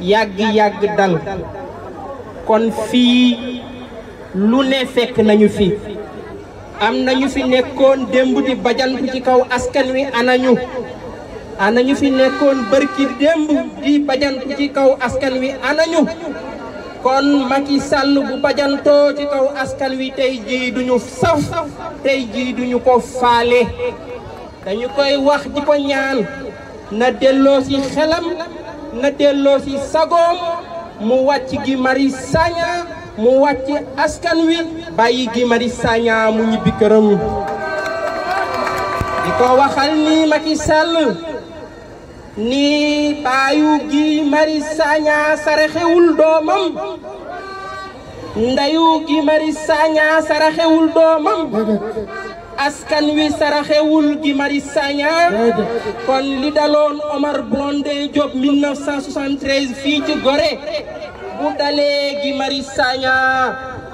yàgg-yàgg dal kon fii lu ne fekk nañu fi am na ñu fi nekkoon démb di bajantu ci kaw askan wi anañu ñu fi nekkoon bërki démb di bajantu ci kaw askan wi anañu kon Macky sàll bu bajantoo ci kaw askan wi tey jii duñu saf tey jii duñu ko faale dañu koy wax di ko ñaan na delloo ci xelam na delloo si sagoom mu wàcc Guy Marius Sagna mu wàcc askan wi bàyyi Guy Marius Sagna mu ñibbi këram di ko waxal ni Macky Sall ni baayu Guy Marius Sagna saraxewul doomam ndayu Guy Marius Sagna saraxewul doomam askan wi saraxewul Guy Marius Sagna kon li daloon Omar Blondin Diop 1973 fii ci Gorée bu dalee Sagna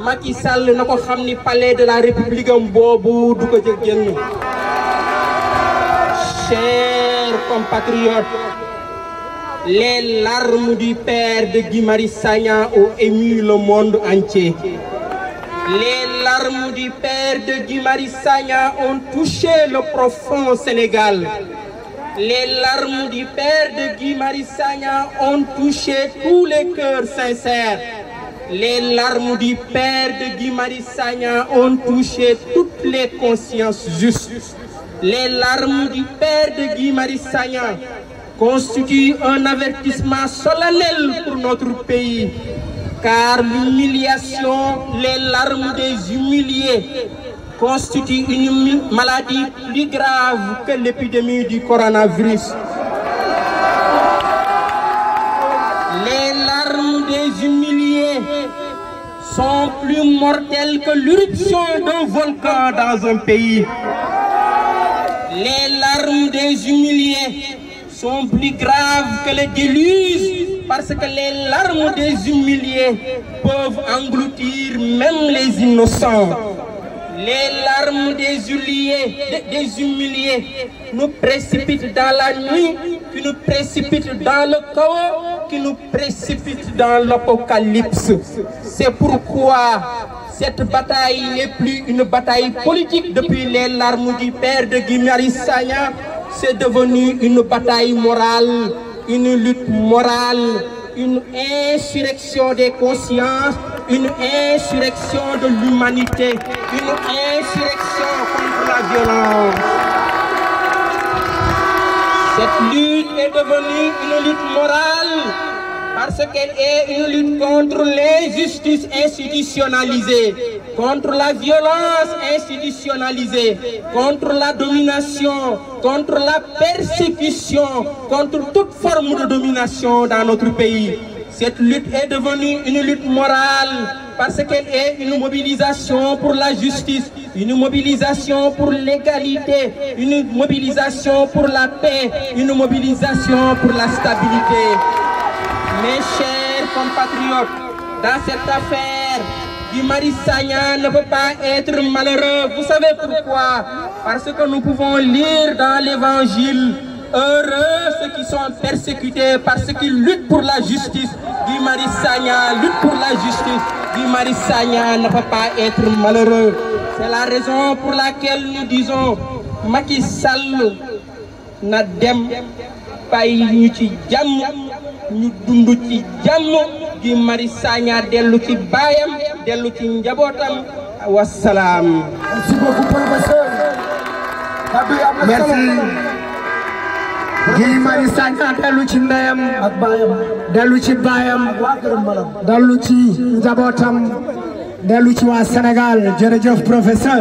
Macky na ko xam ni palais de la République am boobu du ko jël génn chers compatriotes les larmes du père de Guy Sagna ont ému le monde entier Les larmes du père de Guimari Sagna ont touché le profond Sénégal. Les larmes du père de Guimari ont touché tous les cœurs sincères. Les larmes du père de Guimari ont touché toutes les consciences justes. Les larmes du père de Guimari constituent un avertissement solennel pour notre pays car l'humiliation, les larmes des humiliés constituent une maladie plus grave que l'épidémie du coronavirus. Les larmes des humiliés sont plus mortelles que l'éruption d'un volcan dans un pays. Les larmes des humiliés sont plus graves que le déluge parce que les larmes des humiliés peuvent engloutir même les innocents. Les larmes des humiliés, nous précipitent dans la nuit, qui nous précipitent dans le chaos, qui nous précipitent dans l'apocalypse. C'est pourquoi cette bataille n'est plus une bataille politique depuis les larmes du père de Guy Marius Sagna, c'est une bataille morale. une lutte morale, une insurrection des consciences, une insurrection de l'humanité, une insurrection contre la violence. Cette lutte est devenue une lutte morale parce qu'elle est une lutte contre l'injustice institutionnalisée, contre la violence institutionnalisée, contre la domination, contre la persécution, contre toute forme de domination dans notre pays. Cette lutte est devenue une lutte morale parce qu'elle est une mobilisation pour la justice, une mobilisation pour l'égalité, une mobilisation pour la paix, une mobilisation pour la stabilité. Mes chers compatriotes, dans cette affaire, Guy Marie Sagna ne peut pas être malheureux. Vous savez pourquoi Parce que nous pouvons lire dans l'Évangile Heureux ceux qui sont persécutés parce qu'ils luttent pour la justice. Guy Marie Sagna lutte pour la justice. Guy Marie Sagna ne peut pas être malheureux. C'est la raison pour laquelle nous disons Macky Sall na dem bàyyi ñu ci jàmm ñu dund ci jàmm gi Mari Sagna dellu ci baayam dellu ci njabootam wasalaam. merci gi Mari Sagna dellu ci ndeyam ak baayam dellu ci baayam dellu ci njabootam dellu ci waa Sénégal jërëjëf professeur